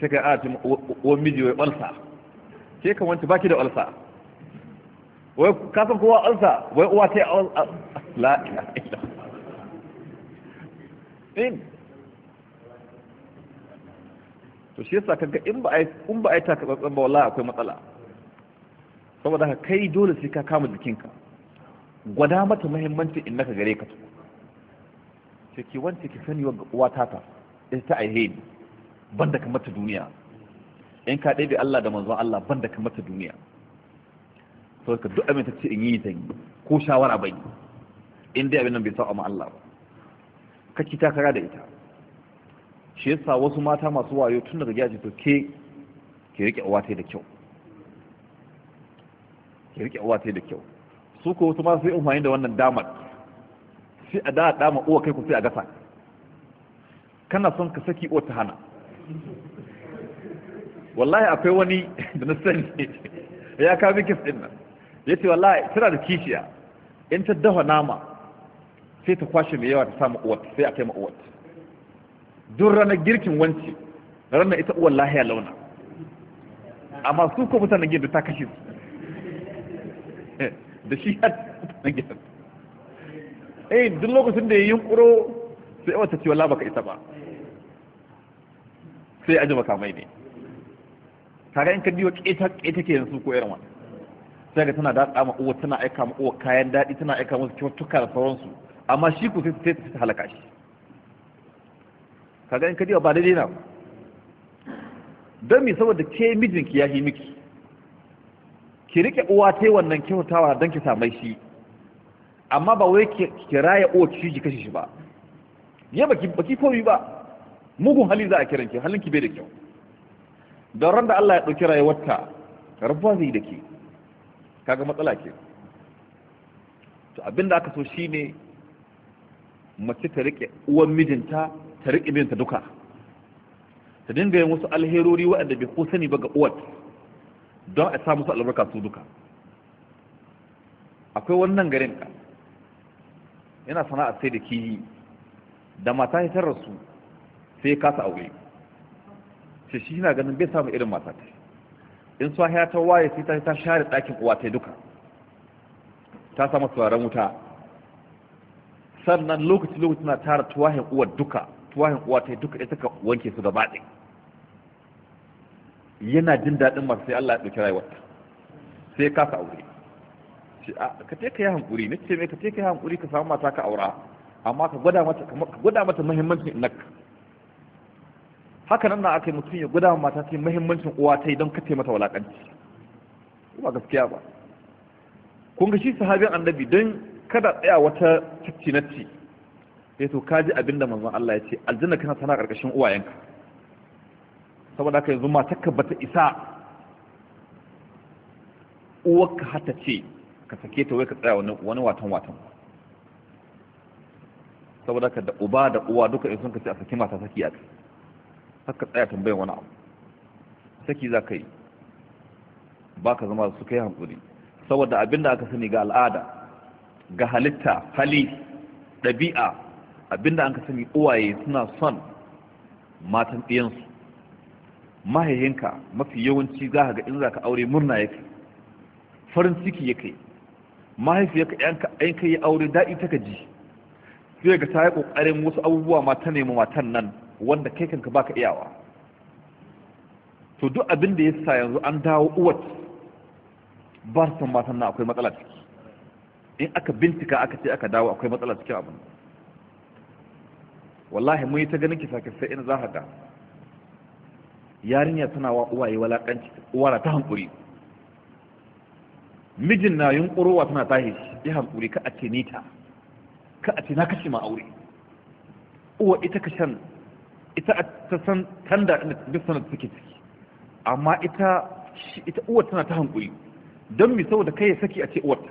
sai ka a ta uwan miji wai ulsa ke kan wanci baki da ulsa wai ka san kowa ulsa wai uwa ta yi a ilaha to shi yasa kaga in ba ai in ba ai ka tsantsan ba wallahi akwai matsala saboda haka kai dole sai ka kama jikinka gwada mata muhimmanci in naka gare ka ce ki wance ki sani wa tata ita ta aihe ni banda kamar ta duniya in ka ɗebe Allah da manzon Allah banda kamar ta duniya saboda ka duk abin ta ce in yi ta yi ko shawara bai in dai abin nan bai sa ma Allah ba kake takara da ita shi yasa wasu mata masu wayo tun daga gidaje to ke ke rike uwa tai da kyau ke rike uwa tai da kyau su ko wasu masu yin amfani da wannan damar sai a da dama uwa kai ku sai a gasa kana son ka saki uwa ta hana wallahi akwai wani da na sani ya kawo kis din nan ya ce wallahi tana da kishiya in ta dafa nama sai ta kwashe mai yawa ta samu uwa sai a kai ma uwar duk ranar girkin wanci ranar ita uwan lahiya launa amma su ko mutanen gida ta kashe su eh, da shi ya mutanen gida eh duk lokacin da ya yi kuro sai wata ce wala baka ita ba sai aji kamai ne kaga in ka diwa keta ta ke yanzu ko irin wa. sai ga tana da ma uwa tana aika ma uwa kayan daɗi tana aika musu kyautuka da sauransu amma shi ku sai ta halaka shi kaga in ka diba ba daidai na don mi saboda ke mijinki ya yi miki ki rike uwa ta wannan kyautawa don ki samai shi amma ba wai ki kira ya ki ji kashe shi ba ya baki baki komi ba mugun hali za a kiran ki halin ki bai da kyau don ran da Allah ya dauki rayuwarta rabuwa zai da ke kaga matsala ke to abinda aka so shine mace ta rike uwan mijinta ta riƙe bin ta duka ta dinga yin wasu alherori waɗanda bai kusa sani ba ga uwat don a samu musu albarka su duka akwai wannan garin ka yana sana'a sai da kihi da mata ya tarar su sai ya kasa aure shi shi na ganin bai samu irin mata ta in su ya ta waye sai ta ta share ɗakin uwa ta duka ta samu turaren wuta sannan lokaci lokaci na tara tuwahin uwar duka tuwahin uwa ta duka ita ka wanke su gaba ɗin yana jin daɗin masu sai Allah ya ɗauki rayuwarta sai ka sa aure ka ce ka yi hankuri na ce mai ka ce ka yi hankuri ka samu mata ka aura amma ka gwada mata ka gwada mata muhimmancin nak haka nan na aka yi mutum ya gwada mata ta muhimmancin uwa ta yi don kace mata walakanci ba gaskiya ba kun ga shi sahabin annabi don kada tsaya wata ciccinacci ya to kaji abinda manzon Allah ya ce aljanna kana tana karkashin uwayenka saboda haka yanzu ka bata isa uwarka hata ce ka sake ta wai ka tsaya wani watan watan saboda haka da uba da uwa duka in sun ka ce a saki mata saki a ka haka tsaya tambayan wani abu saki za ka yi ba ka zama su kai hankuri saboda abinda aka sani ga al'ada ga halitta hali ɗabi'a abinda an ka sani uwaye suna son matan ɗiyansu mahaihinka mafi yawanci za ga in za ka aure murna ya farin ciki ya kai mahaifiyarka yan kai yi aure daɗi ta ji zai ga ta yi ƙoƙarin wasu abubuwa mata ne matan nan wanda kai kanka baka iyawa to duk abin da ya sa yanzu an dawo uwat ba su san matan nan akwai matsala ciki in aka bincika aka ce aka dawo akwai matsala cikin abin wallahi mun yi ta ganin kisa kisa in za ga yarinya tana wa uwaye walakanci uwara ta hankuri mijin na yunkurowa tana tahi ya hankuri ka a ce nita ka a ce na kashe ma aure uwa ita ka shan ita ta san tanda ina duk ta take ciki amma ita ita uwa tana ta hankuri don mi saboda kai ya saki a ce uwar ta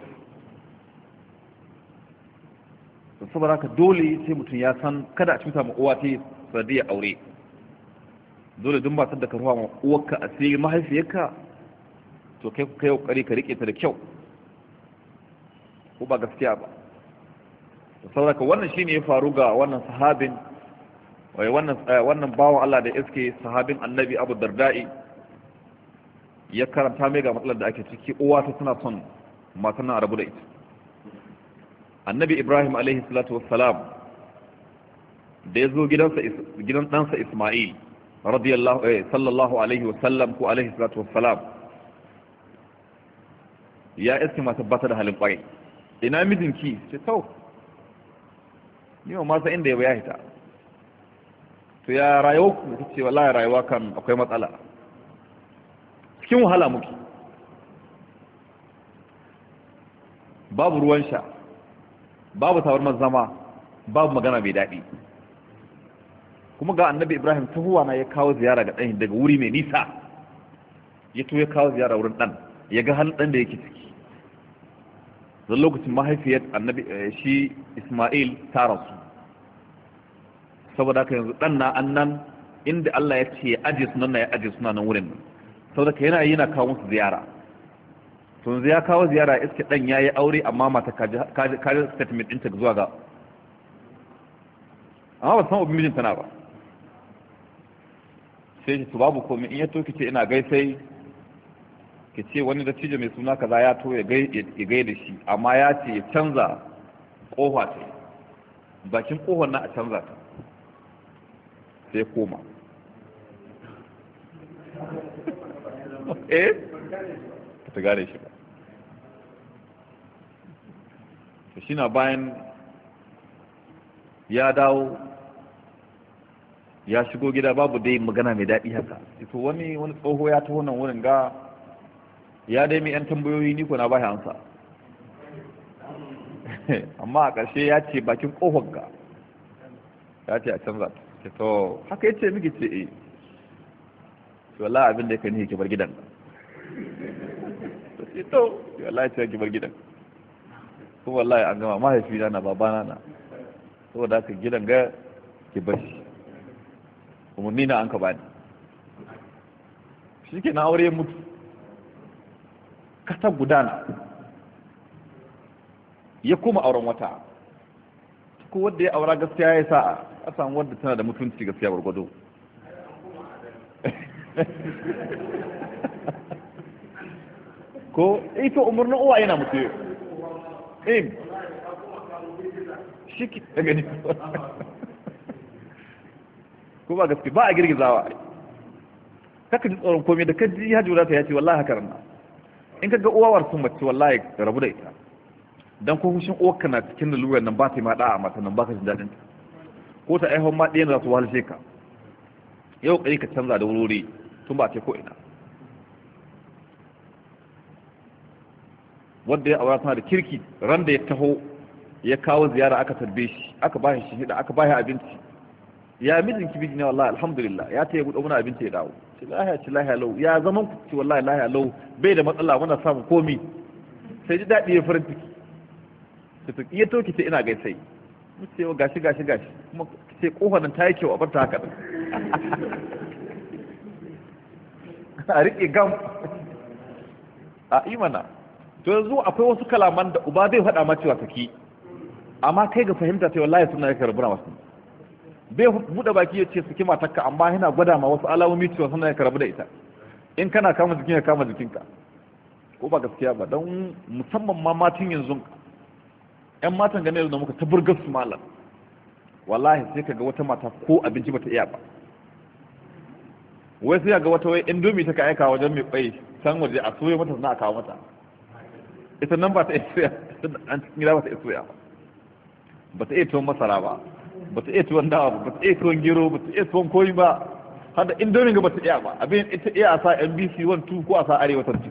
saboda haka dole sai mutum ya san kada a cuta ma uwa ta sanadiyar aure dole duk ba da ka ruwa ma uwarka asiri mahaifiyarka to kai kai kokari ka rike ta da kyau ko ba gaskiya ba saboda saboda wannan shine ya faru ga wannan sahabin wai wannan eh, wannan bawan Allah da iske sahabin Annabi Abu Darda'i ya karanta mai ga matsalar da ake ciki uwa ta tana son matan nan a rabu da ita annabi ibrahim alaihi salatu wassalam da ya zo gidan ɗansa ismail eh, sallallahu alaihi wasallam ko alaihi salatu wassalam ya iske masu bata da halin ƙwarai ina mijinki ce tau ni ma masa inda ya hita to ya rayuwa ku ta ce wallahi rayuwa kan akwai matsala cikin wahala muke babu ruwan sha babu man zama babu magana mai daɗi kuma ga annabi ibrahim tahuwa na ya kawo ziyara ga ɗan daga wuri mai nisa ya to ya kawo ziyara wurin ɗan ya ga halin ɗan da yake ciki zan lokacin mahaifiyar annabi eh, shi isma'il ta rasu saboda haka yanzu ɗan na annan inda allah ya ce ya ajiye sunan na ya ajiye nan wurin saboda ka yana yana kawo musu ziyara to yanzu ya kawo ziyara iske dan yayi aure amma mata kaji statement ɗinta zuwa ga amma ba san obin mijinta na ba sai su babu komai in ya to kice ina gaisai ki ce wani dattijo mai suna kaza ya to ya gai da shi amma ya ce ya canza kofa ta bakin kofar na a canza ta sai koma eh ta gane shi ba to shi na bayan ya dawo ya shigo gida babu dai magana mai daɗi haka to wani wani tsoho ya taho nan wurin ga ya dai mai yan tambayoyi ni ko na bashi ansa amma a ƙarshe ya ce bakin ƙofar ga ya ce a canza ta to haka ya ce miki ce eh to wallahi abin da ka nihi ki bar gidan to to wallahi ce ki bar gidan ko wallahi an gama mahaifina na babana na saboda aka gidan ga ki bashi umarni na an ka bani shi ke na aure mutu kasa gudana ya kuma auren wata ko wadda ya aura gaskiya ya sa'a a samu wadda tana da mutunci gaskiya gwargwado ko ita umarnin uwa yana mutu im shi ke gani ko gaske ba a girgizawa ai kaka ji tsoron komai da kaji ya jura ta ya ce wallahi haka rana, in ka ga uwawar sun mace wallahi rabu da ita dan ko hushin uwarka na cikin lalurar nan ba ta yi ma da'a mata nan ba ka jin daɗin ta ko ta aihon ma ɗiyan za su wahalshe ka yau ƙari ka canza da wuri tun ba ce ko ina wanda ya aura tana da kirki ran da ya taho ya kawo ziyara aka tarbe shi aka ba shi shida aka ba shi abinci ya mijin ki ne wallahi alhamdulillah ya ta yi gudu muna abinci ya dawo ce lahiya ci lahiya lau ya zaman ku wallahi lahiya lau bai da matsala muna samu komi sai ji daɗi ya farin ciki ta iya toki ta ina gaisai mu ce wa oh, gashi gashi gashi kuma sai kofa nan ta yi kyau a barta haka a riƙe gam a imana to yanzu akwai wasu kalaman da uba zai faɗa ma cewa saki amma kai ga fahimta sai wallahi suna yake rubuna wasu bai buɗe baki ya ce saki matakka amma yana gwada ma wasu alamomi cewa suna yake rabu da ita in kana kama jikin ya kama jikinka ko ba gaskiya ba don musamman ma matan yanzu yan matan gane da muka ta burgar su malam wallahi sai ka ga wata mata ko abinci bata iya ba wai sai ga wata wai indomi ta ka aika wajen mai kwai can waje a soya mata suna a kawo mata ita nan ba ta iya an cikin gida ba ta iya soya ba ta iya tuwon masara ba ba ta iya tuwon dawa ba ba ta iya tuwon gero ba ta iya tuwon koyi ba har da indomin ba ta iya ba abin ita iya a sa nbc 1 ko a sa arewa tarci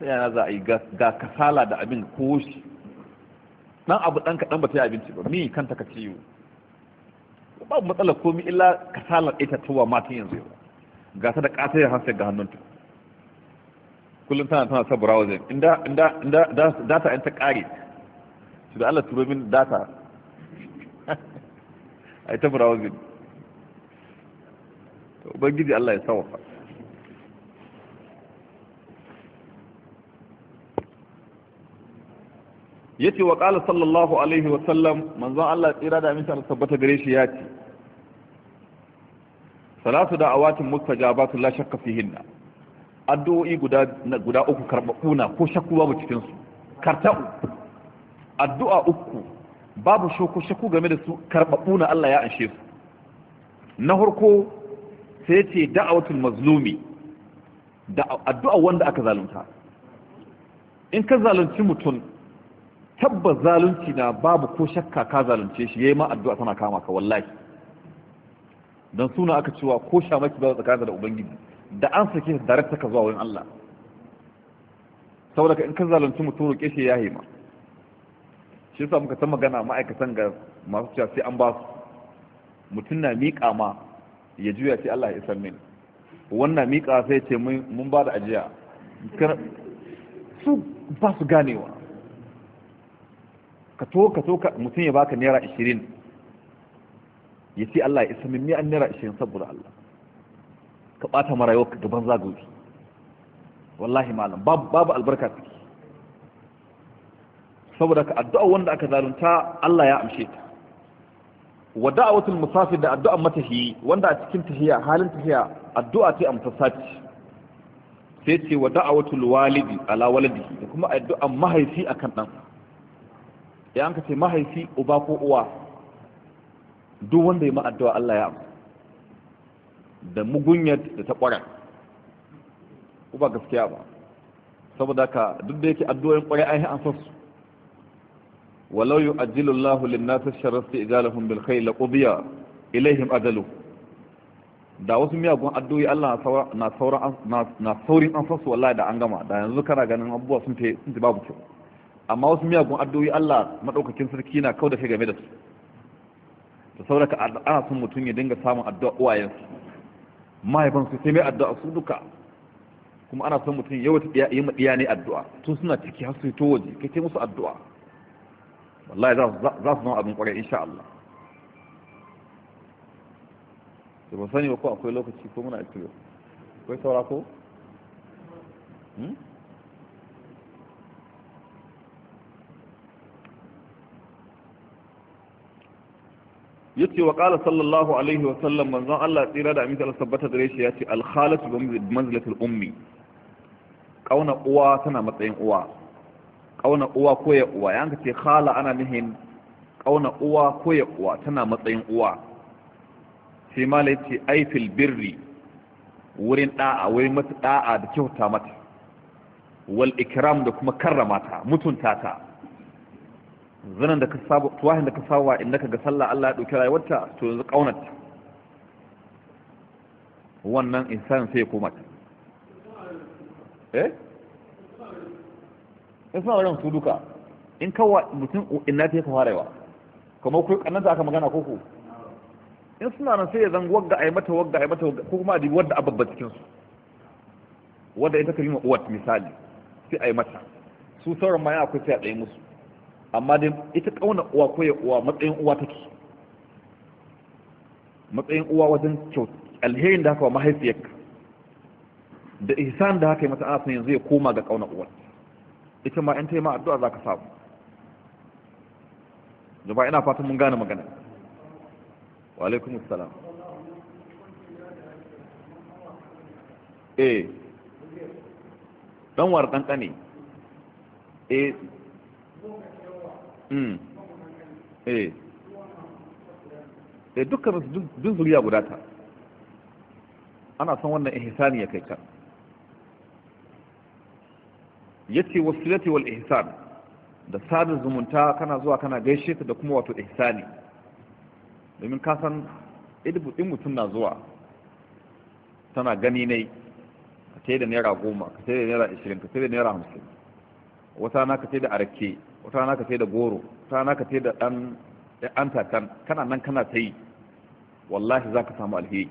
ta yana za a yi ga kasala da abin ko shi dan abu dan kaɗan ba ta yi abinci ba mi kanta ka ciwo ba matsalar komi illa kasalar ita tuwa matan yanzu yau ga ta da ya hansar ga hannunta kullum tana tana sa browser inda inda inda data ɗin ta ƙare su da Allah turomin data a ta browser to ubangiji Allah ya sawafa yace wa qala sallallahu alaihi wa sallam manzon Allah tsira da aminta Allah tabbata gare shi ya ce salatu da awatin mustajabatu la shakka fihinna addu'o'i guda guda uku karbabu na ko shakku babu cikin su karta'u addu'a uku babu shakku shakku game da su karbabu na Allah ya anshe su na harko sai ce da'awatul mazlumi da addu'a wanda aka zalunta in ka zalunci mutum tabbas zalunci na babu ko shakka ka zalunce shi yayi ma addu'a tana kama ka wallahi don suna aka cewa ko maki ba tsakanin da ubangiji da an sake darakta ka zuwa wurin Allah saboda in ka zalunci mutum roƙe shi ya hima shi yasa muka ta magana ma'aikatan ga masu cewa sai an ba su mutum na miƙa ma ya juya sai Allah ya san min wannan miƙa sai ce mun ba da ajiya su ba su ganewa ka to ka to mutum ya baka naira 20 ya ce Allah ya isa min mi'an naira ishirin saboda Allah ka ɓata mara yau gaban zagogi wallahi malam babu albarka ciki saboda ka addu'a wanda aka zalunta Allah ya amshe ta wa da'awatul musafir da addu'a matahi wanda a cikin tahiya halin tahiya addu'a ce a musassaci sai ce wa da'awatul walidi ala waladihi da kuma addu'a mahaifi akan dan ya an ka ce mahaifi uba ko uwa duk wanda ya a Allah ya amsa da mugunyar da ta ƙware ko ba gaskiya ba saboda ka duk da yake addu'o'in ƙware ai an san su walau yu'ajjilu Allahu lin-nasi sharra ijalahum bil khayr laqudiya ilaihim ajalu da wasu miyagun addu'o'i Allah na na saurin an san su wallahi da an gama da yanzu kana ganin abubuwa sun ta sun babu kyau amma wasu miyagun addu'o'i Allah madaukakin sarki na kauda kai game da su da sauraka addu'a sun mutum ya dinga samun addu'a uwayensu mahaifansu sai mai addu'a su duka kuma ana son mutum yawa ta yi maɗiya ne addu'a tun suna ciki har su yi waje kai ce musu addu'a wallahi za su zama abin kwarai insha Allah da ba sani ba ko akwai lokaci ko muna ikilo akwai saura ko? Hmm? yace wa qala sallallahu alaihi wa sallam manzon Allah tsira da aminta Allah sabbata da shi yace al khalatu bi manzilatil ummi kauna uwa tana matsayin uwa kauna uwa ko ya uwa yanka ce khala ana nihin kauna uwa ko ya uwa tana matsayin uwa sai malai ce ai fil birri wurin da'a wurin mata da'a da kyauta mata wal ikram da kuma karramata mutunta ta zanen da ka saba tuwahin da ka saba in ka ga sallah Allah ya dauki rayuwarta to yanzu kaunarta wannan insan sai ya koma ta eh insan wannan su duka in kawa mutum in na ta fara farewa kuma ku kannanta aka magana ko in suna nan sai ya zango wagga ai mata wagga ai mata ko kuma da wadda ababba cikin su wadda ita kalima uwat misali sai ai mata su sauran ma ya akwai sai a dai musu amma dai ita kauna uwa ko ya uwa matsayin uwa take matsayin uwa wajen alherin da haka wa mahaifiyarka da ihsan da haka yi mata ana yanzu ya koma ga kauna uwa ita ma in ta yi ma addu'a za ka samu jama'a ina fatan mun gane magana wa alaikum assalam eh dan war dan kane eh Mm. eh eh dukkan dun zuriya guda ta ana son wannan ihsani ya kai ka yace wasilati wal ihsan da sadar zumunta kana zuwa kana gaishe ta da kuma wato ihsani domin ka san in mutum na zuwa tana gani ne ka sai da naira goma ka sai da naira ashirin ka sai da naira hamsin wata na ka sai da arake wata rana ka sai da goro wata rana ka sai da ɗan an takan kana nan kana ta yi wallahi za ka samu alheri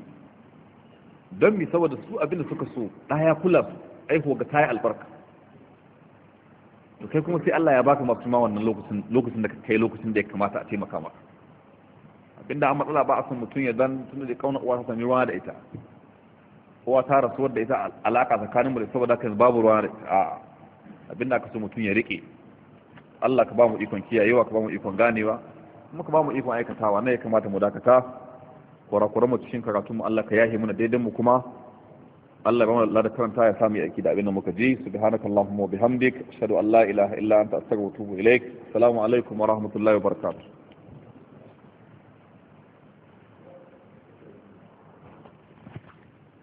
don mi saboda su abinda suka so ɗaya kula su aiho ga tayi albarka to kai kuma sai Allah ya baka mafi ma wannan lokacin lokacin da ka kai lokacin da ya kamata a taimaka maka abinda an matsala ba a son mutum ya dan tunda da kauna uwa ta sami ruwa da ita uwa ta rasuwar da ita alaka tsakanin da saboda kan babu ruwa da ita abinda aka so mutum ya rike Allah ka ba mu ikon kiyayewa ka ba mu ikon ganewa kuma ka ba mu ikon aikatawa na ya kamata mu dakata kurakuran mu cikin karatu mu Allah ka yahe muna daidan mu kuma Allah ba mu da karanta ya samu aiki da abin da muka ji subhanakallahumma wa bihamdik ashhadu an la ilaha illa anta astaghfiruka wa atubu ilaik assalamu alaikum wa rahmatullahi wa barakatuh